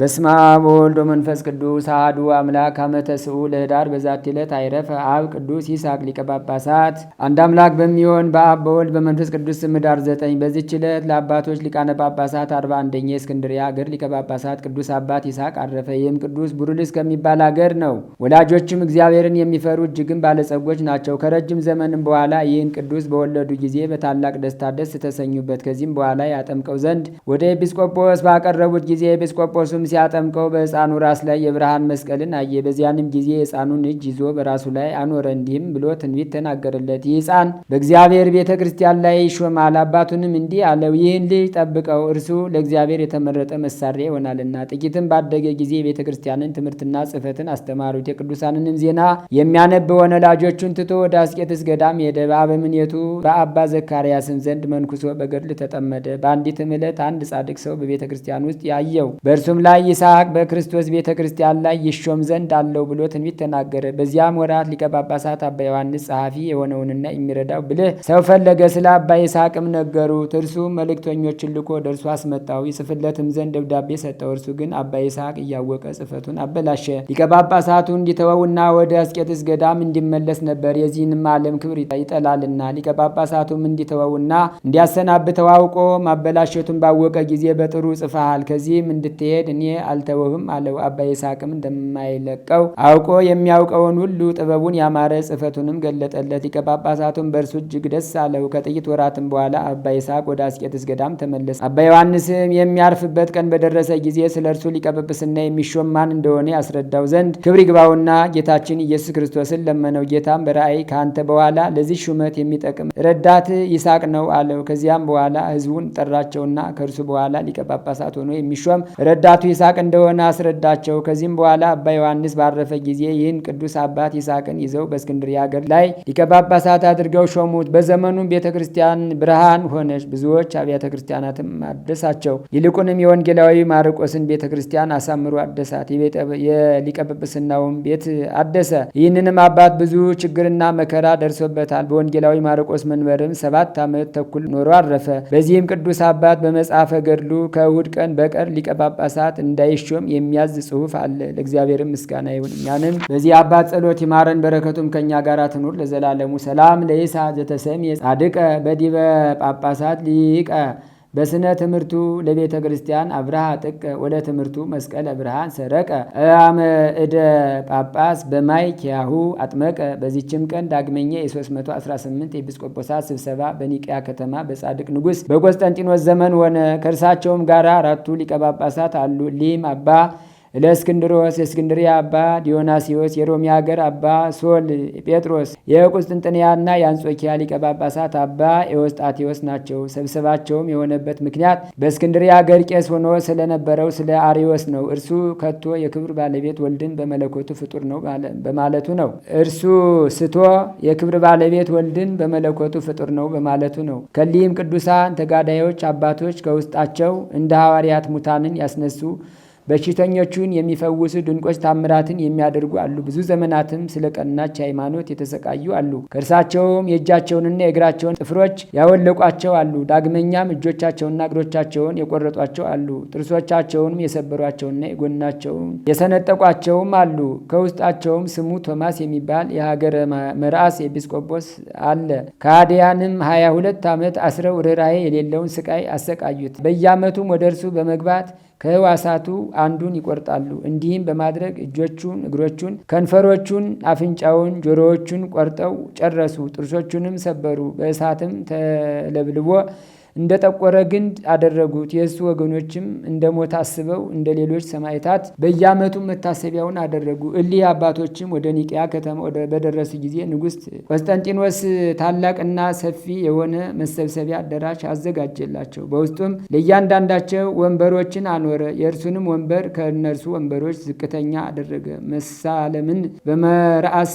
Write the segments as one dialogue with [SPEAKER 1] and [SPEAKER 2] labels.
[SPEAKER 1] በስመ አብ ወወልድ ወመንፈስ ቅዱስ አሐዱ አምላክ አመ ተስዑ ለኅዳር በዛቲ ዕለት አይረፈ አብ ቅዱስ ይስሐቅ ሊቀ ጳጳሳት። አንድ አምላክ በሚሆን በአብ በወልድ በመንፈስ ቅዱስ ስም ኅዳር ዘጠኝ በዚች ዕለት ለአባቶች ሊቃነ ጳጳሳት አርባ አንደኛ የእስክንድርያ አገር ሊቀ ጳጳሳት ቅዱስ አባት ይስሐቅ አረፈ። ይህም ቅዱስ ቡሩልስ ከሚባል አገር ነው። ወላጆችም እግዚአብሔርን የሚፈሩ እጅግም ባለጸጎች ናቸው። ከረጅም ዘመንም በኋላ ይህን ቅዱስ በወለዱ ጊዜ በታላቅ ደስታ ደስ ተሰኙበት። ከዚህም በኋላ ያጠምቀው ዘንድ ወደ ኤጲስቆጶስ ባቀረቡት ጊዜ ኤጲስቆጶስም ሲያጠምቀው በሕፃኑ ራስ ላይ የብርሃን መስቀልን አየ። በዚያንም ጊዜ የሕፃኑን እጅ ይዞ በራሱ ላይ አኖረ። እንዲህም ብሎ ትንቢት ተናገረለት፣ ይህ ሕፃን በእግዚአብሔር ቤተ ክርስቲያን ላይ ይሾማል። አባቱንም እንዲህ አለው፣ ይህን ልጅ ጠብቀው፣ እርሱ ለእግዚአብሔር የተመረጠ መሳሪያ ይሆናልና። ጥቂትም ባደገ ጊዜ የቤተ ክርስቲያንን ትምህርትና ጽሕፈትን አስተማሩት። የቅዱሳንንም ዜና የሚያነብ ሆነ። ወላጆቹን ትቶ ወደ አስቄትስ ገዳም ሄደ። በአበምኔቱ በአባ ዘካርያስም ዘንድ መንኩሶ በገድል ተጠመደ። በአንዲትም ዕለት አንድ ጻድቅ ሰው በቤተ ክርስቲያን ውስጥ ያየው በእርሱም ላይ ይስሐቅ በክርስቶስ ቤተ ክርስቲያን ላይ ይሾም ዘንድ አለው ብሎ ትንቢት ተናገረ። በዚያም ወራት ሊቀ ጳጳሳት አባ ዮሐንስ ጸሐፊ የሆነውንና የሚረዳው ብልህ ሰው ፈለገ። ስለ አባ ይስሐቅም ነገሩት። እርሱ መልእክተኞችን ልኮ ወደ እርሱ አስመጣው። ይጽፍለትም ዘንድ ደብዳቤ ሰጠው። እርሱ ግን አባ ይስሐቅ እያወቀ ጽፈቱን አበላሸ። ሊቀ ጳጳሳቱ እንዲተወውና ወደ አስቄጥስ ገዳም እንዲመለስ ነበር። የዚህንም ዓለም ክብር ይጠላልና ሊቀ ጳጳሳቱም እንዲተወውና እንዲያሰናብተው አውቆ ማበላሸቱን ባወቀ ጊዜ በጥሩ ጽፈሃል፣ ከዚህም እንድትሄድ እኔ አልተወህም አለው። አባ ይስሐቅም እንደማይለቀው አውቆ የሚያውቀውን ሁሉ ጥበቡን ያማረ ጽሕፈቱንም ገለጠለት። ሊቀ በእርሱ እጅግ ደስ አለው። ከጥቂት ወራትም በኋላ አባ ይስሐቅ ወደ አስቄጥስ ገዳም ተመለሰ። አባ ዮሐንስም የሚያርፍበት ቀን በደረሰ ጊዜ ስለ እርሱ ሊቀ ጵጵስና የሚሾም ማን እንደሆነ ያስረዳው ዘንድ ክብር ይግባውና ጌታችን ኢየሱስ ክርስቶስን ለመነው። ጌታም በራእይ ከአንተ በኋላ ለዚህ ሹመት የሚጠቅም ረዳት ይስሐቅ ነው አለው። ከዚያም በኋላ ህዝቡን ጠራቸውና ከእርሱ በኋላ ሊቀ ጳጳሳት ሆኖ የሚሾም ረዳቱ ይስሐቅ እንደሆነ አስረዳቸው። ከዚህም በኋላ አባ ዮሐንስ ባረፈ ጊዜ ይህን ቅዱስ አባት ይስሐቅን ይዘው በእስክንድርያ ሀገር ላይ ሊቀ ጳጳሳት አድርገው ሾሙት። በዘመኑም ቤተ ክርስቲያን ብርሃን ሆነች፣ ብዙዎች አብያተ ክርስቲያናትም አደሳቸው። ይልቁንም የወንጌላዊ ማርቆስን ቤተ ክርስቲያን አሳምሮ አደሳት፣ የሊቀ ጵጵስናውም ቤት አደሰ። ይህንንም አባት ብዙ ችግርና መከራ ደርሶበታል። በወንጌላዊ ማርቆስ መንበርም ሰባት ዓመት ተኩል ኖሮ አረፈ። በዚህም ቅዱስ አባት በመጽሐፈ ገድሉ ከእሁድ ቀን በቀር ሊቀ ጳጳሳት እንዳይሾም የሚያዝ ጽሑፍ አለ። ለእግዚአብሔርም ምስጋና ይሁን። እኛንም በዚህ አባት ጸሎት ይማረን፣ በረከቱም ከእኛ ጋር ትኑር ለዘላለሙ። ሰላም ለይሳ ዘተሰሜ ጻድቀ በዲበ ጳጳሳት ሊቀ በስነ ትምህርቱ ለቤተ ክርስቲያን አብርሃ ጥቅ ወደ ትምህርቱ መስቀለ ብርሃን ሰረቀ አመ እደ ጳጳስ በማይ ኪያሁ አጥመቀ። በዚችም ቀን ዳግመኛ የ318 ኤጲስቆጶሳት ስብሰባ በኒቅያ ከተማ በጻድቅ ንጉሥ በቆስጠንጢኖስ ዘመን ሆነ። ከእርሳቸውም ጋር አራቱ ሊቀ ጳጳሳት አሉ። ሊም አባ ለእስክንድሮስ የእስክንድሪ አባ ዲዮናሲዎስ የሮሚ ሀገር አባ ሶል ጴጥሮስ የቁስጥንጥንያና የአንጾኪያ ሊቀ ጳጳሳት አባ ኤዎስጣቴዎስ ናቸው። ስብሰባቸውም የሆነበት ምክንያት በእስክንድሪ ሀገር ቄስ ሆኖ ስለነበረው ስለ አሪዎስ ነው። እርሱ ከቶ የክብር ባለቤት ወልድን በመለኮቱ ፍጡር ነው በማለቱ ነው። እርሱ ስቶ የክብር ባለቤት ወልድን በመለኮቱ ፍጡር ነው በማለቱ ነው። ከሊህም ቅዱሳን ተጋዳዮች አባቶች ከውስጣቸው እንደ ሐዋርያት ሙታንን ያስነሱ በሽተኞቹን የሚፈውሱ ድንቆች ታምራትን የሚያደርጉ አሉ። ብዙ ዘመናትም ስለ ቀናች ሃይማኖት የተሰቃዩ አሉ። ከእርሳቸውም የእጃቸውንና የእግራቸውን ጥፍሮች ያወለቋቸው አሉ። ዳግመኛም እጆቻቸውና እግሮቻቸውን የቆረጧቸው አሉ። ጥርሶቻቸውንም የሰበሯቸውና የጎናቸውን የሰነጠቋቸውም አሉ። ከውስጣቸውም ስሙ ቶማስ የሚባል የሀገረ መርአስ ኤጲስቆጶስ አለ። ከአዲያንም ሀያ ሁለት ዓመት አስረው ርኅራኄ የሌለውን ስቃይ አሰቃዩት። በየዓመቱም ወደ እርሱ በመግባት ከህዋሳቱ አንዱን ይቆርጣሉ። እንዲህም በማድረግ እጆቹን፣ እግሮቹን፣ ከንፈሮቹን፣ አፍንጫውን፣ ጆሮዎቹን ቆርጠው ጨረሱ። ጥርሶቹንም ሰበሩ። በእሳትም ተለብልቦ እንደ ጠቆረ ግንድ አደረጉት። የእሱ ወገኖችም እንደ ሞት አስበው እንደ ሌሎች ሰማዕታት በየዓመቱ መታሰቢያውን አደረጉ። እሊህ አባቶችም ወደ ኒቅያ ከተማ በደረሱ ጊዜ ንጉሥ ቆስጠንጢኖስ ታላቅና ሰፊ የሆነ መሰብሰቢያ አዳራሽ አዘጋጀላቸው። በውስጡም ለእያንዳንዳቸው ወንበሮችን አኖረ። የእርሱንም ወንበር ከእነርሱ ወንበሮች ዝቅተኛ አደረገ። መሳለምን በመርአስ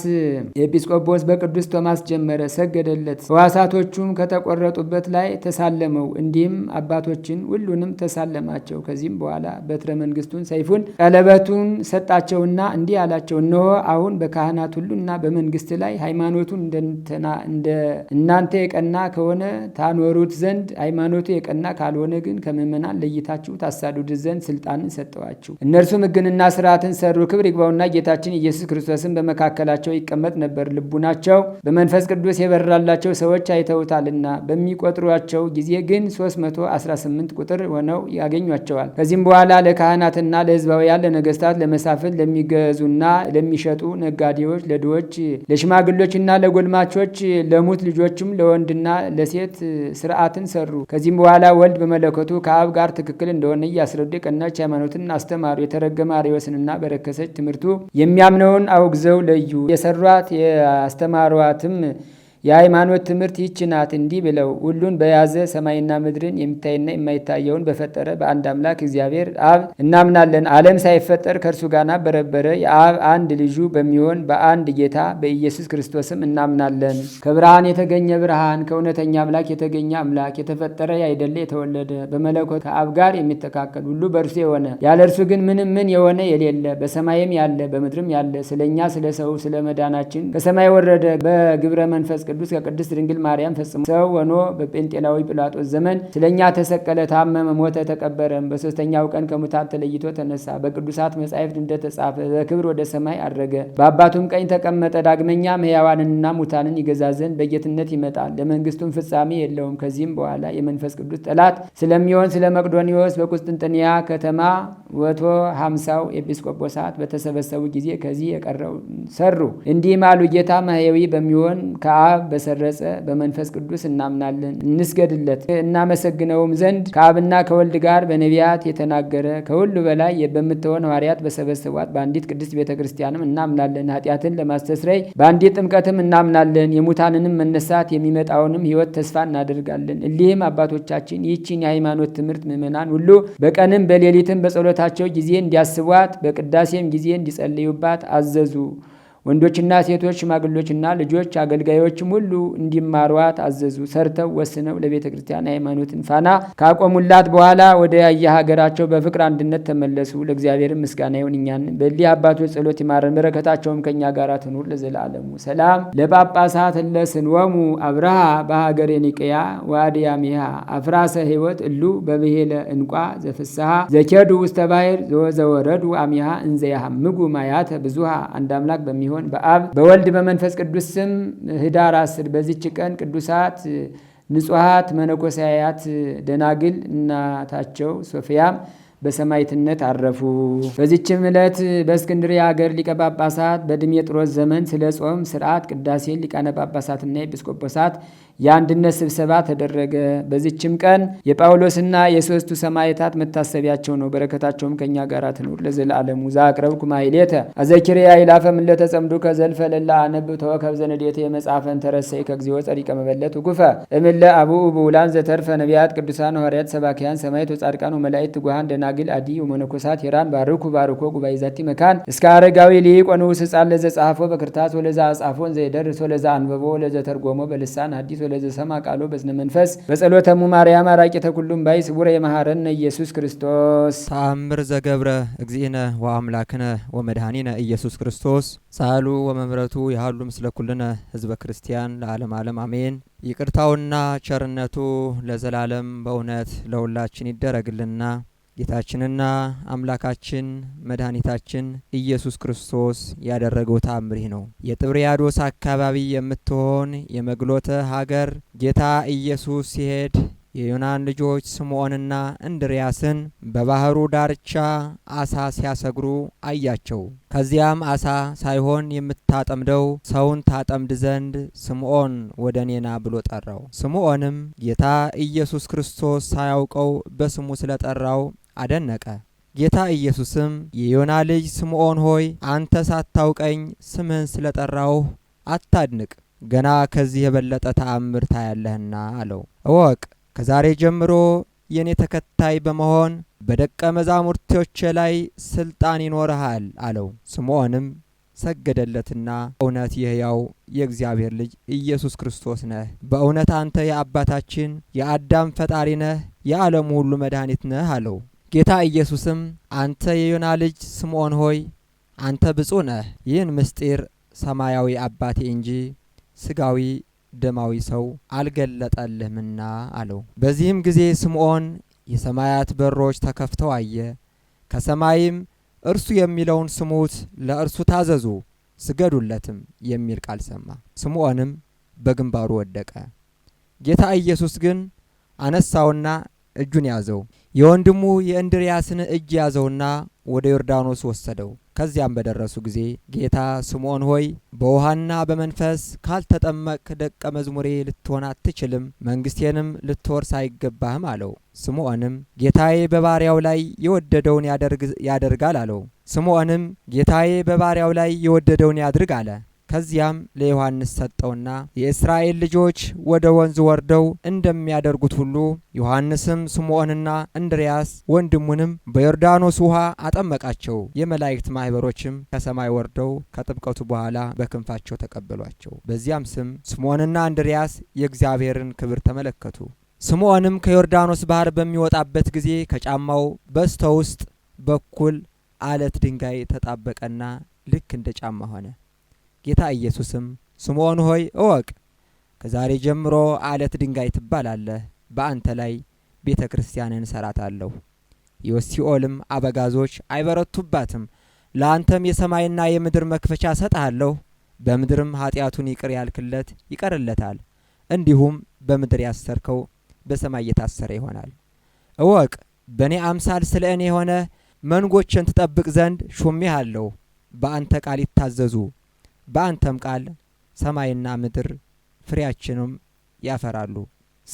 [SPEAKER 1] ኤጲስቆጶስ በቅዱስ ቶማስ ጀመረ፣ ሰገደለት። ህዋሳቶቹም ከተቆረጡበት ላይ ተሳለ ተሳለመው። እንዲህም አባቶችን ሁሉንም ተሳለማቸው። ከዚህም በኋላ በትረ መንግስቱን፣ ሰይፉን፣ ቀለበቱን ሰጣቸውና እንዲህ አላቸው፣ እነሆ አሁን በካህናት ሁሉና በመንግስት ላይ ሃይማኖቱን እንደ እናንተ የቀና ከሆነ ታኖሩት ዘንድ ሃይማኖቱ የቀና ካልሆነ ግን ከምእመናን ለይታችሁ ታሳዱድ ዘንድ ስልጣንን ሰጠዋችሁ። እነርሱም ምግንና ስርዓትን ሰሩ። ክብር ይግባውና ጌታችን ኢየሱስ ክርስቶስን በመካከላቸው ይቀመጥ ነበር። ልቡናቸው በመንፈስ ቅዱስ የበራላቸው ሰዎች አይተውታልና በሚቆጥሯቸው ጊዜ ግን 318 ቁጥር ሆነው ያገኟቸዋል። ከዚህም በኋላ ለካህናትና ለህዝባውያን ለነገስታት፣ ለመሳፍንት፣ ለሚገዙና ለሚሸጡ ነጋዴዎች፣ ለድዎች፣ ለሽማግሎችና ለጎልማቾች፣ ለሙት ልጆችም ለወንድና ለሴት ስርዓትን ሰሩ። ከዚህም በኋላ ወልድ በመለከቱ ከአብ ጋር ትክክል እንደሆነ እያስረዱ የቀናች ሃይማኖትን አስተማሩ። የተረገመ አርዮስንና በረከሰች ትምህርቱ የሚያምነውን አውግዘው ለዩ። የሰሯት የአስተማሯትም የሃይማኖት ትምህርት ይች ናት እንዲህ ብለው ሁሉን በያዘ ሰማይና ምድርን የሚታይና የማይታየውን በፈጠረ በአንድ አምላክ እግዚአብሔር አብ እናምናለን። ዓለም ሳይፈጠር ከእርሱ ጋር ናበረበረ የአብ አንድ ልጁ በሚሆን በአንድ ጌታ በኢየሱስ ክርስቶስም እናምናለን። ከብርሃን የተገኘ ብርሃን፣ ከእውነተኛ አምላክ የተገኘ አምላክ፣ የተፈጠረ ያይደለ የተወለደ፣ በመለኮት ከአብ ጋር የሚተካከል ሁሉ በእርሱ የሆነ ያለ እርሱ ግን ምንም ምን የሆነ የሌለ በሰማይም ያለ በምድርም ያለ ስለኛ ስለ ሰው ስለ መዳናችን ከሰማይ ወረደ በግብረ መንፈስ ቅዱስ ቅዱስ ከቅድስት ድንግል ማርያም ፈጽሞ ሰው ሆኖ በጴንጤላዊ ጲላጦስ ዘመን ስለኛ ተሰቀለ፣ ታመመ፣ ሞተ፣ ተቀበረም። በሶስተኛው ቀን ከሙታን ተለይቶ ተነሳ። በቅዱሳት መጻሕፍት እንደተጻፈ በክብር ወደ ሰማይ አድረገ፣ በአባቱም ቀኝ ተቀመጠ። ዳግመኛም ሕያዋንንና ሙታንን ይገዛ ዘንድ በጌትነት ይመጣል። ለመንግስቱም ፍጻሜ የለውም። ከዚህም በኋላ የመንፈስ ቅዱስ ጠላት ስለሚሆን ስለ መቅዶኒዎስ በቁስጥንጥንያ ከተማ ወቶ ሀምሳው ኤጲስቆጶሳት በተሰበሰቡ ጊዜ ከዚህ የቀረው ሰሩ እንዲህም አሉ። ጌታ ማህያዊ በሚሆን ከአብ በሰረጸ በመንፈስ ቅዱስ እናምናለን። እንስገድለት እናመሰግነውም ዘንድ ከአብና ከወልድ ጋር በነቢያት የተናገረ ከሁሉ በላይ በምትሆን ሐዋርያት በሰበሰቧት በአንዲት ቅድስት ቤተ ክርስቲያንም እናምናለን። ኃጢአትን ለማስተስረይ በአንዲት ጥምቀትም እናምናለን። የሙታንንም መነሳት የሚመጣውንም ሕይወት ተስፋ እናደርጋለን። እሊህም አባቶቻችን ይህችን የሃይማኖት ትምህርት ምእመናን ሁሉ በቀንም በሌሊትም በጸሎታቸው ጊዜ እንዲያስቧት በቅዳሴም ጊዜ እንዲጸልዩባት አዘዙ። ወንዶችና ሴቶች፣ ሽማግሎችና ልጆች፣ አገልጋዮችም ሁሉ እንዲማሯት አዘዙ። ሰርተው ወስነው ለቤተ ክርስቲያን ሃይማኖትን ፋና ካቆሙላት በኋላ ወደ የሀገራቸው በፍቅር አንድነት ተመለሱ። ለእግዚአብሔር ምስጋና ይሁን፣ እኛን በሊህ አባቶች ጸሎት ይማረን፣ በረከታቸውም ከእኛ ጋር ትኑር ለዘላለሙ። ሰላም ለጳጳሳት ወሙ አብርሃ በሀገር ኒቅያ ዋዲያሚሃ አፍራሰ ህይወት እሉ በብሄለ እንቋ ዘፍስሃ ዘኬዱ ውስተ ባሕር ዘወረዱ አሚሃ እንዘያሃምጉ ማያተ ብዙሃ አንድ አምላክ በሚሆን ይሁን በአብ በወልድ በመንፈስ ቅዱስ ስም ህዳር አስር በዚች ቀን ቅዱሳት ንጹሐት መነኮሳያት ደናግል እናታቸው ሶፊያም በሰማይትነት አረፉ። በዚችም ዕለት በእስክንድርያ ሀገር ሊቀ ጳጳሳት በድሜጥሮስ ዘመን ስለ ጾም ስርዓት ቅዳሴ ሊቃነ ጳጳሳትና ኤጲስቆጶሳት የአንድነት ስብሰባ ተደረገ። በዚችም ቀን የጳውሎስና የሦስቱ ሰማዕታት መታሰቢያቸው ነው። በረከታቸውም ከእኛ ጋር ትኑር ለዘላለሙ። ዘአቅረብኩ ማሕሌተ አዘኪርያ ይላፈ ይላፈም ለተጸምዱ ከዘልፈ ለላ አነብ ተወከብ ዘነዴተ የመጽሐፈን ተረሰይ ከግዚኦ ጸሪቀ መበለት ጉፈ እምለ አቡኡ ብውላን ዘተርፈ ነቢያት ቅዱሳን ሐዋርያት ሰባኪያን ሰማይት ወጻድቃን ወመላእክት ትጉሃን ደናግል አዲ ወመነኮሳት ሄራን ባርኩ ባርኮ ጉባኤ ዛቲ መካን እስከ አረጋዊ ሊቆ ወንዑስ ሕፃን ለዘ ጻፎ በክርታስ ወለዛ አጻፎን ዘየደርስ ወለዛ አንበቦ ወለዘ በልሳን አዲስ ለዘሰማ ቃሎ በዝነ መንፈስ በጸሎተሙ ማርያም አራቂ ተኩሉም ባይ ስቡረ የመሐረነ ኢየሱስ ክርስቶስ
[SPEAKER 2] ተአምር ዘገብረ እግዚእነ ወአምላክነ ወመድኃኒነ ኢየሱስ ክርስቶስ ሳሉ ወመምረቱ ያህሉ ምስለ ኩልነ ህዝበ ክርስቲያን ለዓለም ዓለም አሜን። ይቅርታውና ቸርነቱ ለዘላለም በእውነት ለሁላችን ይደረግልና ጌታችንና አምላካችን መድኃኒታችን ኢየሱስ ክርስቶስ ያደረገው ታምሪህ ነው። የጥብርያዶስ አካባቢ የምትሆን የመግሎተ ሀገር ጌታ ኢየሱስ ሲሄድ የዮናን ልጆች ስምዖንና እንድርያስን በባህሩ ዳርቻ አሳ ሲያሰግሩ አያቸው። ከዚያም አሳ ሳይሆን የምታጠምደው ሰውን ታጠምድ ዘንድ ስምዖን ወደ እኔና ብሎ ጠራው። ስምዖንም ጌታ ኢየሱስ ክርስቶስ ሳያውቀው በስሙ ስለጠራው አደነቀ። ጌታ ኢየሱስም የዮና ልጅ ስምዖን ሆይ አንተ ሳታውቀኝ ስምህን ስለ ጠራውህ አታድንቅ፣ ገና ከዚህ የበለጠ ተአምር ታያለህና አለው። እወቅ ከዛሬ ጀምሮ የእኔ ተከታይ በመሆን በደቀ መዛሙርቶቼ ላይ ስልጣን ይኖርሃል አለው። ስምዖንም ሰገደለትና እውነት የሕያው የእግዚአብሔር ልጅ ኢየሱስ ክርስቶስ ነህ፣ በእውነት አንተ የአባታችን የአዳም ፈጣሪ ነህ፣ የዓለሙ ሁሉ መድኃኒት ነህ አለው። ጌታ ኢየሱስም አንተ የዮና ልጅ ስምዖን ሆይ አንተ ብፁ ነህ፣ ይህን ምስጢር ሰማያዊ አባቴ እንጂ ስጋዊ ደማዊ ሰው አልገለጠልህምና አለው። በዚህም ጊዜ ስምዖን የሰማያት በሮች ተከፍተው አየ። ከሰማይም እርሱ የሚለውን ስሙት፣ ለእርሱ ታዘዙ፣ ስገዱለትም የሚል ቃል ሰማ። ስምዖንም በግንባሩ ወደቀ። ጌታ ኢየሱስ ግን አነሳውና እጁን ያዘው። የወንድሙ የእንድርያስን እጅ ያዘውና ወደ ዮርዳኖስ ወሰደው። ከዚያም በደረሱ ጊዜ ጌታ ስምዖን ሆይ በውሃና በመንፈስ ካልተጠመቅ ደቀ መዝሙሬ ልትሆን አትችልም፣ መንግሥቴንም ልትወርስ አይገባህም አለው። ስምዖንም ጌታዬ በባሪያው ላይ የወደደውን ያደርጋል አለው። ስምዖንም ጌታዬ በባሪያው ላይ የወደደውን ያድርግ አለ። ከዚያም ለዮሐንስ ሰጠውና የእስራኤል ልጆች ወደ ወንዝ ወርደው እንደሚያደርጉት ሁሉ ዮሐንስም ስምዖንና እንድርያስ ወንድሙንም በዮርዳኖስ ውሃ አጠመቃቸው። የመላእክት ማኅበሮችም ከሰማይ ወርደው ከጥምቀቱ በኋላ በክንፋቸው ተቀበሏቸው። በዚያም ስም ስምዖንና እንድርያስ የእግዚአብሔርን ክብር ተመለከቱ። ስምዖንም ከዮርዳኖስ ባህር በሚወጣበት ጊዜ ከጫማው በስተ ውስጥ በኩል አለት ድንጋይ ተጣበቀና ልክ እንደ ጫማ ሆነ። ጌታ ኢየሱስም ስምዖን ሆይ እወቅ፣ ከዛሬ ጀምሮ አለት ድንጋይ ትባላለህ፣ በአንተ ላይ ቤተ ክርስቲያንን እሰራታለሁ፣ የሲኦልም አበጋዞች አይበረቱባትም። ለአንተም የሰማይና የምድር መክፈቻ እሰጥሃለሁ፣ በምድርም ኃጢአቱን ይቅር ያልክለት ይቀርለታል፣ እንዲሁም በምድር ያሰርከው በሰማይ የታሰረ ይሆናል። እወቅ በእኔ አምሳል ስለ እኔ የሆነ መንጎችን ትጠብቅ ዘንድ ሹሜሃለሁ። በአንተ ቃል ይታዘዙ በአንተም ቃል ሰማይና ምድር ፍሬያችንም ያፈራሉ።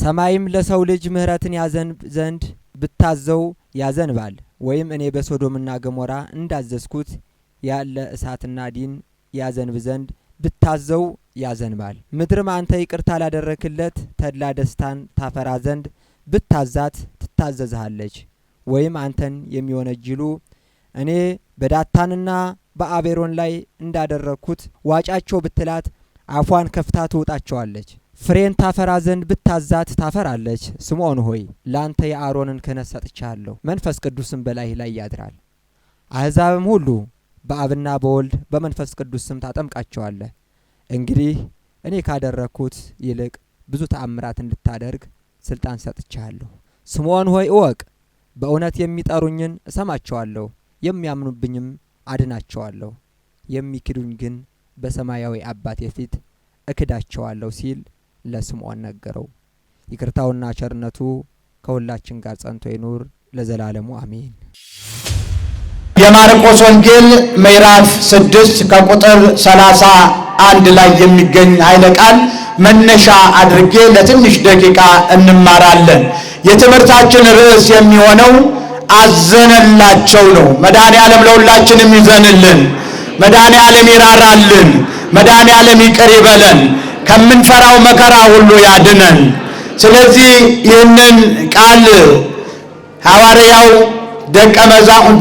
[SPEAKER 2] ሰማይም ለሰው ልጅ ምሕረትን ያዘን ዘንድ ብታዘው ያዘንባል፣ ወይም እኔ በሶዶምና ገሞራ እንዳዘዝኩት ያለ እሳትና ዲን ያዘንብ ዘንድ ብታዘው ያዘንባል። ምድርም አንተ ይቅርታ ላደረክለት ተድላ ደስታን ታፈራ ዘንድ ብታዛት ትታዘዝሃለች፣ ወይም አንተን የሚወነጅሉ እኔ በዳታንና በአቤሮን ላይ እንዳደረግኩት ዋጫቸው ብትላት አፏን ከፍታ ትውጣቸዋለች። ፍሬን ታፈራ ዘንድ ብታዛት ታፈራለች። ስምዖን ሆይ ለአንተ የአሮንን ክህነት ሰጥቻለሁ፣ መንፈስ ቅዱስም በላይህ ላይ ያድራል። አሕዛብም ሁሉ በአብና በወልድ በመንፈስ ቅዱስ ስም ታጠምቃቸዋለህ። እንግዲህ እኔ ካደረግኩት ይልቅ ብዙ ተአምራት እንድታደርግ ስልጣን ሰጥቻለሁ። ስምዖን ሆይ እወቅ፣ በእውነት የሚጠሩኝን እሰማቸዋለሁ፣ የሚያምኑብኝም አድናቸዋለሁ፣ የሚክዱኝ ግን በሰማያዊ አባቴ ፊት እክዳቸዋለሁ ሲል ለስምዖን ነገረው። ይቅርታውና ቸርነቱ ከሁላችን ጋር ጸንቶ ይኑር ለዘላለሙ አሜን።
[SPEAKER 3] የማርቆስ ወንጌል ምዕራፍ ስድስት ከቁጥር ሰላሳ አንድ ላይ የሚገኝ ኃይለ ቃል መነሻ አድርጌ ለትንሽ ደቂቃ እንማራለን። የትምህርታችን ርዕስ የሚሆነው አዘነላቸው ነው። መድኃኔ ዓለም ለሁላችንም ይዘንልን። መድኃኔ ዓለም ይራራልን። መድኃኔ ዓለም ይቅር ይበለን። ከምንፈራው መከራ ሁሉ ያድነን። ስለዚህ ይህንን ቃል ሐዋርያው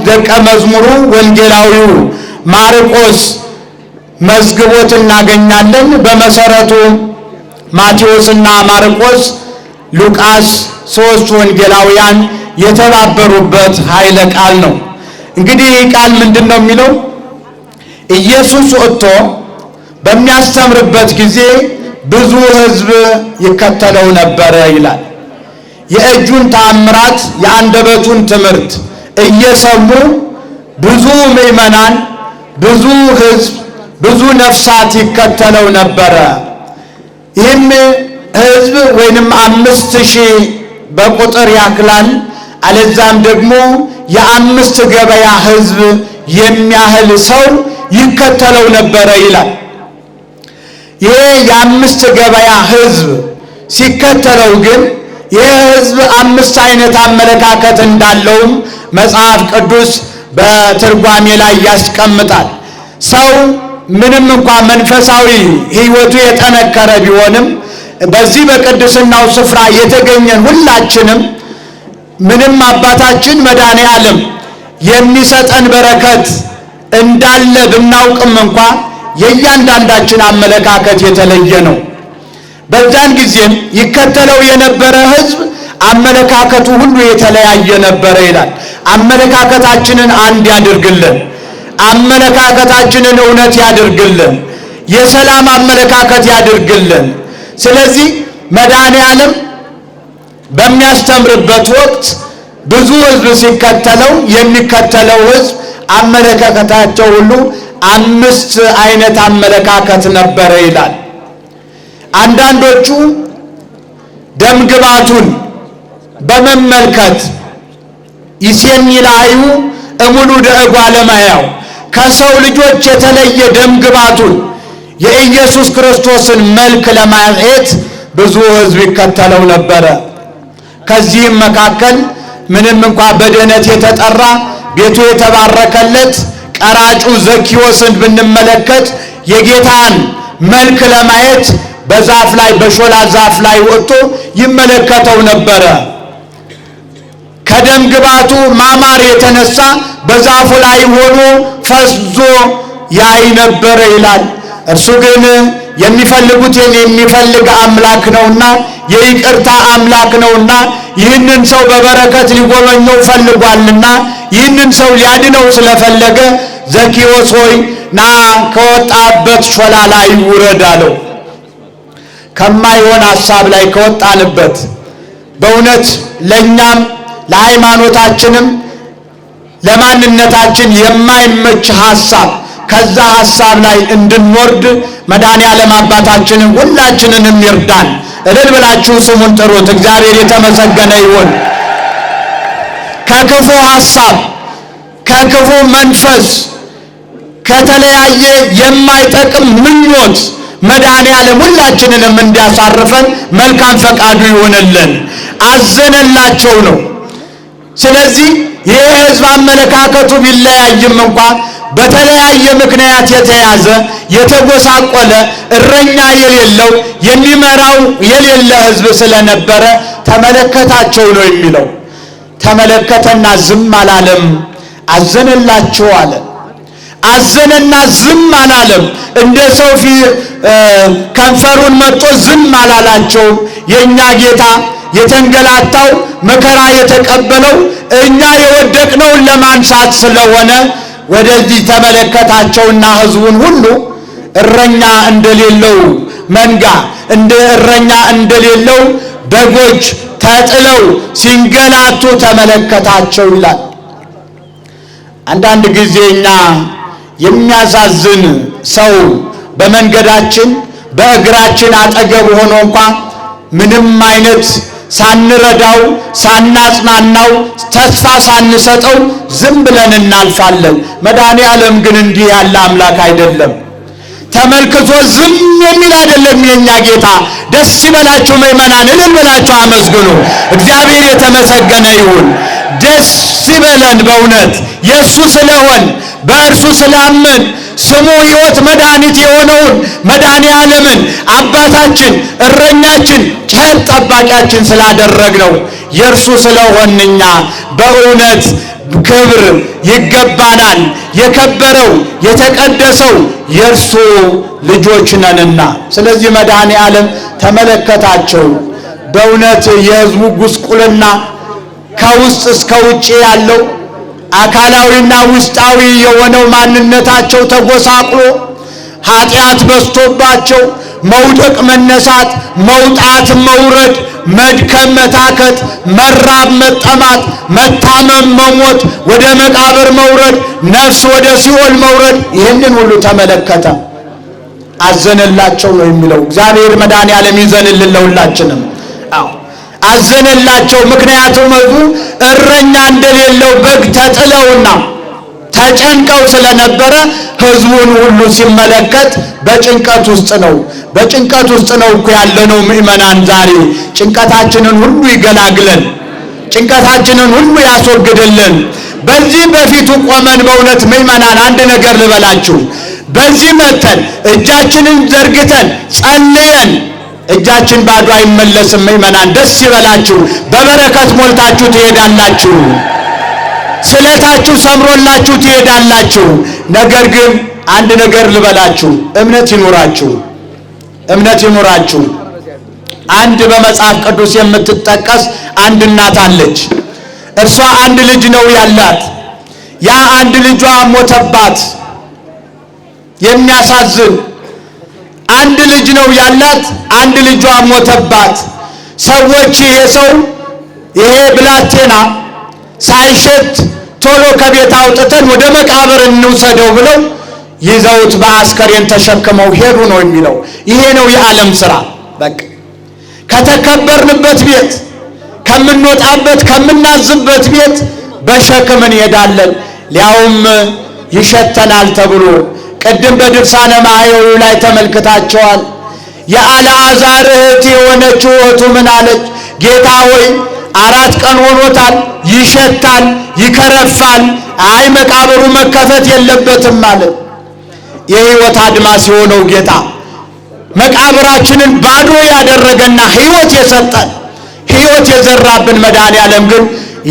[SPEAKER 3] ደቀ መዝሙሩ ወንጌላዊው ማርቆስ መዝግቦት እናገኛለን። በመሰረቱ ማቴዎስና ማርቆስ ሉቃስ ሶስት ወንጌላውያን የተባበሩበት ኃይለ ቃል ነው። እንግዲህ ይህ ቃል ምንድን ነው የሚለው? ኢየሱስ ወጥቶ በሚያስተምርበት ጊዜ ብዙ ሕዝብ ይከተለው ነበረ ይላል። የእጁን ተአምራት የአንደበቱን ትምህርት እየሰሙ ብዙ ምዕመናን፣ ብዙ ሕዝብ፣ ብዙ ነፍሳት ይከተለው ነበረ። ይህም ህዝብ ወይንም አምስት ሺህ በቁጥር ያክላል። አለዛም ደግሞ የአምስት ገበያ ህዝብ የሚያህል ሰው ይከተለው ነበረ ይላል። ይህ የአምስት ገበያ ህዝብ ሲከተለው ግን ይህ ህዝብ አምስት አይነት አመለካከት እንዳለውም መጽሐፍ ቅዱስ በትርጓሜ ላይ ያስቀምጣል። ሰው ምንም እንኳ መንፈሳዊ ህይወቱ የጠነከረ ቢሆንም በዚህ በቅድስናው ስፍራ የተገኘን ሁላችንም ምንም አባታችን መድኃኔ ዓለም የሚሰጠን በረከት እንዳለ ብናውቅም እንኳ የእያንዳንዳችን አመለካከት የተለየ ነው። በዛን ጊዜም ይከተለው የነበረ ሕዝብ አመለካከቱ ሁሉ የተለያየ ነበረ ይላል። አመለካከታችንን አንድ ያድርግልን። አመለካከታችንን እውነት ያድርግልን። የሰላም አመለካከት ያድርግልን። ስለዚህ መድኃኔ ዓለም በሚያስተምርበት ወቅት ብዙ ህዝብ ሲከተለው የሚከተለው ህዝብ አመለካከታቸው ሁሉ አምስት አይነት አመለካከት ነበረ ይላል። አንዳንዶቹ ደምግባቱን በመመልከት ይሴኒ ለአዩ እሙሉ ደእጓ ለማያው ከሰው ልጆች የተለየ ደምግባቱን የኢየሱስ ክርስቶስን መልክ ለማየት ብዙ ሕዝብ ይከተለው ነበረ። ከዚህም መካከል ምንም እንኳ በድኅነት የተጠራ ቤቱ የተባረከለት ቀራጩ ዘኪዎስን ብንመለከት የጌታን መልክ ለማየት በዛፍ ላይ በሾላ ዛፍ ላይ ወጥቶ ይመለከተው ነበረ። ከደም ግባቱ ማማር የተነሳ በዛፉ ላይ ሆኖ ፈዞ ያይ ነበረ ይላል። እርሱ ግን የሚፈልጉትን የሚፈልግ አምላክ ነውና የይቅርታ አምላክ ነውና ይህንን ሰው በበረከት ሊጎበኘው ፈልጓልና ይህንን ሰው ሊያድነው ስለፈለገ ዘኪዎስ ሆይ ና ከወጣበት ሾላ ላይ ውረድ አለው። ከማይሆን ሐሳብ ላይ ከወጣንበት በእውነት ለእኛም ለሃይማኖታችንም ለማንነታችን የማይመች ሐሳብ ከዛ ሐሳብ ላይ እንድንወርድ መድኃኔ ዓለም አባታችንን ሁላችንንም ይርዳን። እልል ብላችሁ ስሙን ጥሩት። እግዚአብሔር የተመሰገነ ይሁን። ከክፉ ሐሳብ፣ ከክፉ መንፈስ፣ ከተለያየ የማይጠቅም ምኞት መድኃኔ ዓለም ሁላችንንም እንዲያሳርፈን መልካም ፈቃዱ ይሆንልን። አዘነላቸው ነው ስለዚህ ይህ ህዝብ አመለካከቱ ቢለያይም እንኳ በተለያየ ምክንያት የተያዘ የተጎሳቆለ እረኛ የሌለው የሚመራው የሌለ ህዝብ ስለነበረ ተመለከታቸው ነው የሚለው። ተመለከተና ዝም አላለም፣ አዘነላቸው አለ። አዘነና ዝም አላለም። እንደ ሰው ፊት ከንፈሩን መጥቶ ዝም አላላቸውም። የእኛ ጌታ የተንገላታው መከራ የተቀበለው እኛ የወደቅነውን ለማንሳት ስለሆነ ወደዚህ ተመለከታቸውና ሕዝቡን ሁሉ እረኛ እንደሌለው መንጋ እንደ እረኛ እንደሌለው በጎች ተጥለው ሲንገላቱ ተመለከታቸው ይላል። አንዳንድ ጊዜ እኛ የሚያሳዝን ሰው በመንገዳችን በእግራችን አጠገብ ሆኖ እንኳ ምንም አይነት ሳንረዳው ሳናጽናናው ተስፋ ሳንሰጠው ዝም ብለን እናልፋለን። መድኃኔ ዓለም ግን እንዲህ ያለ አምላክ አይደለም። ተመልክቶ ዝም የሚል አይደለም የኛ ጌታ። ደስ ይበላችሁ ምዕመናን፣ እልል ብላችሁ አመስግኑ። እግዚአብሔር የተመሰገነ ይሁን። ደስ ይበለን በእውነት የእሱ ስለሆን በእርሱ ስላመን ስሙ ሕይወት መድኃኒት የሆነውን መድኃኔ ዓለምን አባታችን እረኛችን ቸር ጠባቂያችን ስላደረግነው የእርሱ ስለሆንኛ በእውነት ክብር ይገባናል። የከበረው የተቀደሰው የእርሱ ልጆች ነንና፣ ስለዚህ መድኃኔ ዓለም ተመለከታቸው። በእውነት የሕዝቡ ጉስቁልና ከውስጥ እስከ ውጭ ያለው አካላዊና ውስጣዊ የሆነው ማንነታቸው ተጎሳቁሎ ኃጢአት በዝቶባቸው መውደቅ፣ መነሳት፣ መውጣት፣ መውረድ፣ መድከም፣ መታከት፣ መራብ፣ መጠማት፣ መታመም፣ መሞት፣ ወደ መቃብር መውረድ፣ ነፍስ ወደ ሲኦል መውረድ፣ ይህንን ሁሉ ተመለከተ። አዘነላቸው ነው የሚለው እግዚአብሔር መድኃኔዓለም ይዘንልን ለሁላችንም። አዎ አዘነላቸው። ምክንያቱም እረኛ እንደሌለው በግ ተጥለውና ተጨንቀው ስለነበረ ህዝቡን ሁሉ ሲመለከት በጭንቀት ውስጥ ነው። በጭንቀት ውስጥ ነው እኮ ያለነው ምእመናን ዛሬ ጭንቀታችንን ሁሉ ይገላግለን፣ ጭንቀታችንን ሁሉ ያስወግድልን። በዚህ በፊቱ ቆመን በእውነት ምእመናን አንድ ነገር ልበላችሁ፣ በዚህ መተን እጃችንን ዘርግተን ጸልየን እጃችን ባዶ አይመለስም። ምእመናን ደስ ይበላችሁ፣ በበረከት ሞልታችሁ ትሄዳላችሁ። ስለታችሁ ሰምሮላችሁ ትሄዳላችሁ። ነገር ግን አንድ ነገር ልበላችሁ፣ እምነት ይኑራችሁ፣ እምነት ይኑራችሁ። አንድ በመጽሐፍ ቅዱስ የምትጠቀስ አንድ እናት አለች። እርሷ አንድ ልጅ ነው ያላት። ያ አንድ ልጇ ሞተባት። የሚያሳዝን አንድ ልጅ ነው ያላት። አንድ ልጇ ሞተባት። ሰዎች ይሄ ሰው ይሄ ብላቴና ሳይሸት ቶሎ ከቤት አውጥተን ወደ መቃብር እንውሰደው ብለው ይዘውት በአስከሬን ተሸክመው ሄዱ ነው የሚለው። ይሄ ነው የዓለም ስራ። በቃ ከተከበርንበት ቤት ከምንወጣበት ከምናዝበት ቤት በሸክም እንሄዳለን። ሊያውም ይሸተናል ተብሎ ቅድም በድርሳነ ማየው ላይ ተመልክታቸዋል። የአልዓዛር እህት የሆነች እህቱ ምን አለች? ጌታ ሆይ አራት ቀን ሆኖታል። ይሸታል፣ ይከረፋል። አይ መቃብሩ መከፈት የለበትም ማለት የህይወት አድማስ የሆነው ጌታ መቃብራችንን ባዶ ያደረገና ህይወት የሰጠን ህይወት የዘራብን መድኃኔ ዓለም ግን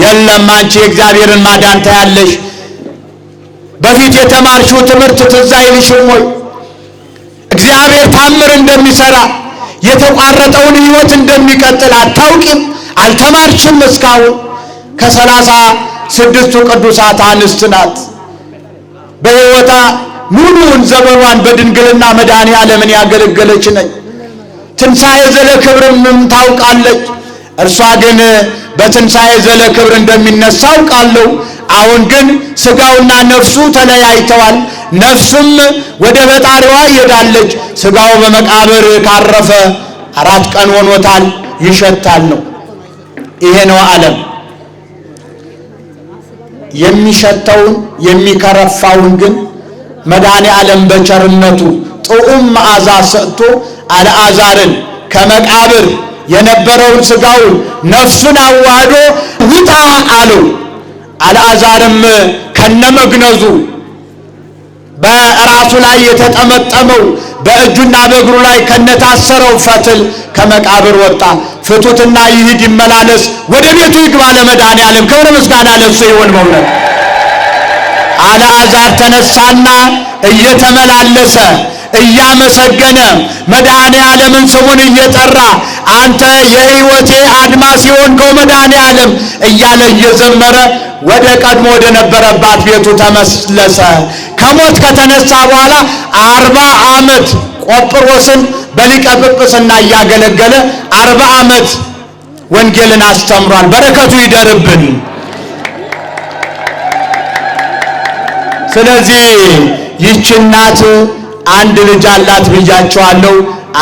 [SPEAKER 3] የለም አንቺ የእግዚአብሔርን ማዳን ታያለሽ። በፊት የተማርሽው ትምህርት ትዝ አይልሽም ወይ? እግዚአብሔር ታምር እንደሚሰራ የተቋረጠውን ህይወት እንደሚቀጥል አታውቂም? አልተማርችም እስካሁን። ከሰላሳ ስድስቱ ቅዱሳት አንስት ናት። በሕይወታ ሙሉውን ዘመኗን በድንግልና መድኃኔ ዓለምን ያገለገለች ነች። ትንሣኤ ዘለ ክብርም ታውቃለች። እርሷ ግን በትንሣኤ ዘለ ክብር እንደሚነሳ አውቃለሁ። አሁን ግን ሥጋውና ነፍሱ ተለያይተዋል። ነፍሱም ወደ ፈጣሪዋ ይሄዳለች። ሥጋው በመቃብር ካረፈ አራት ቀን ሆኖታል፣ ይሸታል ነው ይሄ ነው ዓለም የሚሸተውን የሚከረፋውን ግን መድኃኔ ዓለም በቸርነቱ ጥዑም መዓዛ ሰጥቶ አልዓዛርን ከመቃብር የነበረውን ስጋውን ነፍሱን አዋህዶ ውጣ አለው። አልዓዛርም ከነመግነዙ በራሱ ላይ የተጠመጠመው በእጁና በእግሩ ላይ ከነታሰረው ፈትል ከመቃብር ወጣ። ፍቱትና ይሂድ ይመላለስ፣ ወደ ቤቱ ይግባ። ለመድኃኔ ዓለም ክብር ምስጋና ለእሱ ይሁን በእውነት አልዓዛር ተነሳና እየተመላለሰ እያመሰገነ መድኃኔ ዓለምን ስሙን እየጠራ አንተ የሕይወቴ አድማስ የሆንከው መድኃኔ ዓለም እያለ እየዘመረ ወደ ቀድሞ ወደ ነበረባት ቤቱ ተመለሰ። ከሞት ከተነሳ በኋላ አርባ ዓመት ቆጵሮስን በሊቀ ጵጵስና እያገለገለ አርባ ዓመት ወንጌልን አስተምሯል። በረከቱ ይደርብን። ስለዚህ ይህች እናት አንድ ልጅ አላት ብያቸዋለሁ።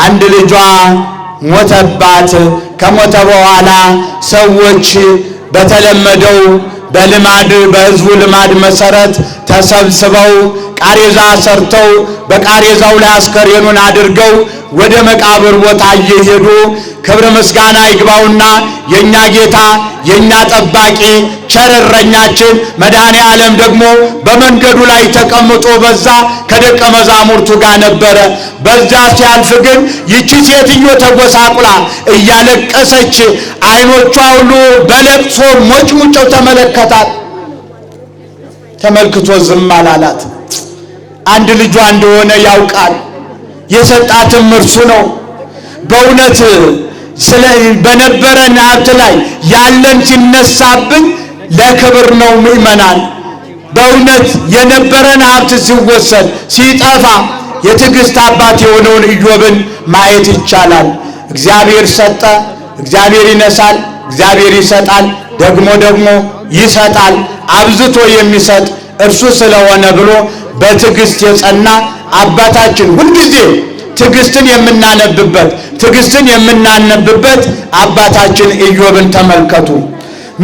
[SPEAKER 3] አንድ ልጇ ሞተባት። ከሞተ በኋላ ሰዎች በተለመደው በልማድ በህዝቡ ልማድ መሰረት ተሰብስበው ቃሬዛ ሰርተው በቃሬዛው ላይ አስከሬኑን አድርገው ወደ መቃብር ቦታ እየሄዱ ክብር ምስጋና ይግባውና የኛ ጌታ የኛ ጠባቂ ቸረረኛችን መድኃኔ ዓለም ደግሞ በመንገዱ ላይ ተቀምጦ በዛ ከደቀ መዛሙርቱ ጋር ነበረ። በዛ ሲያልፍ ግን ይቺ ሴትዮ ተጎሳቁላ እያለቀሰች ዓይኖቿ ሁሉ በለቅሶ ሞጭሙጨው ተመለከታት። ተመልክቶ ዝም አላላት። አንድ ልጇ እንደሆነ ያውቃል። የሰጣትም እርሱ ነው። በእውነት በነበረን ሀብት ላይ ያለን ሲነሳብን ለክብር ነው ምእመናን። በእውነት የነበረን ሀብት ሲወሰድ ሲጠፋ የትዕግስት አባት የሆነውን ኢዮብን ማየት ይቻላል። እግዚአብሔር ሰጠ፣ እግዚአብሔር ይነሳል፣ እግዚአብሔር ይሰጣል፣ ደግሞ ደግሞ ይሰጣል። አብዝቶ የሚሰጥ እርሱ ስለሆነ ብሎ በትዕግስት የጸና አባታችን ሁልጊዜ ትዕግስትን የምናነብበት ትዕግስትን የምናነብበት አባታችን ኢዮብን ተመልከቱ።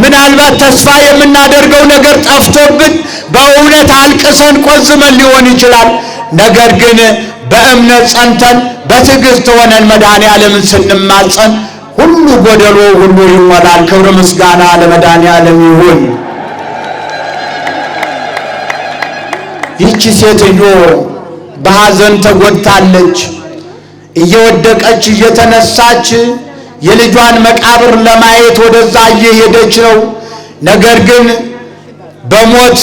[SPEAKER 3] ምናልባት ተስፋ የምናደርገው ነገር ጠፍቶብን በእውነት አልቅሰን ቆዝመን ሊሆን ይችላል። ነገር ግን በእምነት ጸንተን በትዕግስት ሆነን መድኃኔ ዓለምን ስንማጸን ሁሉ ጎደሎ ሁሉ ይሞላል። ክብር ምስጋና ለመድኃኔ ዓለም ይሁን። ይህቺ ሴትዮ በሐዘን ተጎድታለች። እየወደቀች እየተነሳች የልጇን መቃብር ለማየት ወደዛ እየሄደች ነው። ነገር ግን በሞት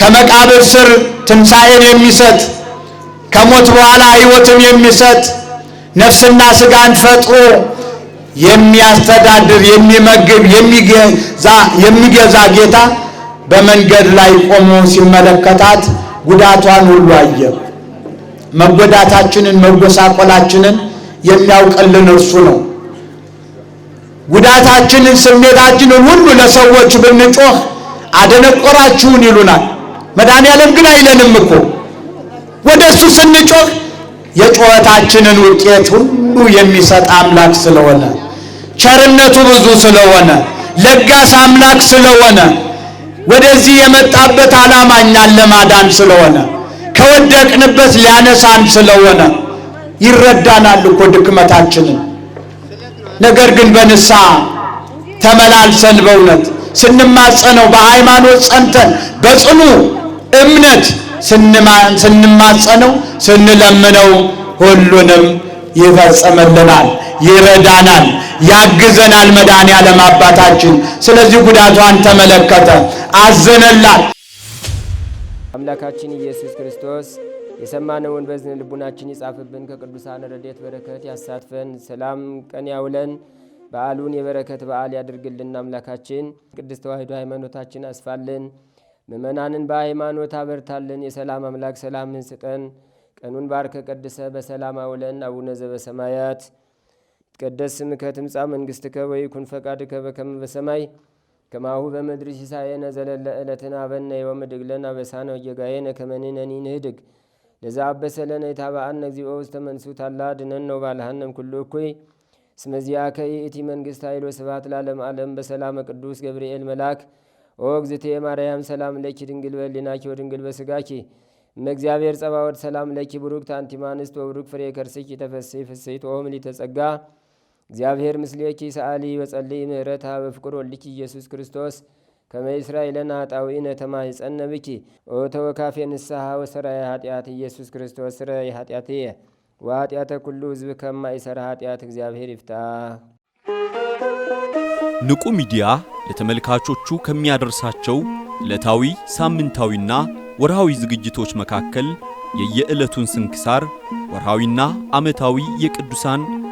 [SPEAKER 3] ከመቃብር ስር ትንሣኤን የሚሰጥ ከሞት በኋላ ሕይወትን የሚሰጥ ነፍስና ሥጋን ፈጥሮ የሚያስተዳድር የሚመግብ የሚገዛ ጌታ በመንገድ ላይ ቆሞ ሲመለከታት ጉዳቷን ሁሉ አየ። መጎዳታችንን መጎሳቆላችንን የሚያውቅልን እርሱ ነው። ጉዳታችንን ስሜታችንን ሁሉ ለሰዎች ብንጮህ አደነቆራችሁን ይሉናል። መድኃኔዓለም ግን አይለንም እኮ ወደ እሱ ስንጮህ የጩኸታችንን ውጤት ሁሉ የሚሰጥ አምላክ ስለሆነ፣ ቸርነቱ ብዙ ስለሆነ፣ ለጋስ አምላክ ስለሆነ ወደዚህ የመጣበት ዓላማ እኛን ለማዳን ስለሆነ ከወደቅንበት ሊያነሳን ስለሆነ ይረዳናል እኮ ድክመታችንን። ነገር ግን በንስሐ ተመላልሰን በእውነት ስንማጸነው በሃይማኖት ጸንተን በጽኑ እምነት ስንማጸነው ስንለምነው ሁሉንም ይፈጽምልናል፣ ይረዳናል፣ ያግዘናል መድኃኔዓለም አባታችን። ስለዚህ ጉዳቷን ተመለከተ። አዘነላል።
[SPEAKER 1] አምላካችን ኢየሱስ ክርስቶስ የሰማነውን በዝን ልቡናችን ይጻፍብን፣ ከቅዱሳን ረድኤት በረከት ያሳትፈን፣ ሰላም ቀን ያውለን፣ በዓሉን የበረከት በዓል ያድርግልን። አምላካችን ቅድስት ተዋሕዶ ሃይማኖታችን አስፋልን፣ ምእመናንን በሃይማኖት አበርታልን። የሰላም አምላክ ሰላምን ስጠን። ቀኑን ባርከ ቀድሰ በሰላም አውለን። አቡነ ዘበሰማያት ይትቀደስ ስምከ ትምጻእ መንግሥትከ ወይኩን ፈቃድከ በከመ በሰማይ ከማሁ በምድሪ ሲሳየነ ዘለለ ዕለትን አበነ ወምድግለን አበሳነ ወጌጋየነ ከመንነኒ ንህድግ ለዛ አበሰለነ የታባአነ እግዚኦ ውስተ መንሱት አላ ድነን ነው ባልሃንም ኩሉ እኩይ ስመዚያከ ይእቲ መንግስት ኃይሎ ስብሐት ላለም ዓለም በሰላመ ቅዱስ ገብርኤል መልአክ ኦ እግዝእቴ ማርያም ሰላም ለኪ ድንግል በሊናኪ ወድንግል በስጋኪ እመእግዚአብሔር ጸባወድ ሰላም ለኪ ቡሩክት አንቲ እምአንስት ፍሬ ከርስኪ ተፈሥሒ ፍሥሕት ኦ ምልዕተ እግዚአብሔር ምስሌኪ ሰዓሊ በጸልይ ምህረታ በፍቅር ወልኪ ኢየሱስ ክርስቶስ ከመእስራኤልን አጣዊ ነተማ ይጸነብኪ ኦተወካፌ ንስሐ ወሰራ ኃጢአት ኢየሱስ ክርስቶስ የኃጢአት ኃጢአትየ ወኃጢአተ ኩሉ ህዝብ ይሰራ ኃጢአት እግዚአብሔር ይፍታ።
[SPEAKER 4] ንቁ ሚዲያ ለተመልካቾቹ ከሚያደርሳቸው ዕለታዊ ሳምንታዊና ወርሃዊ ዝግጅቶች መካከል የየዕለቱን ስንክሳር ወርሃዊና ዓመታዊ የቅዱሳን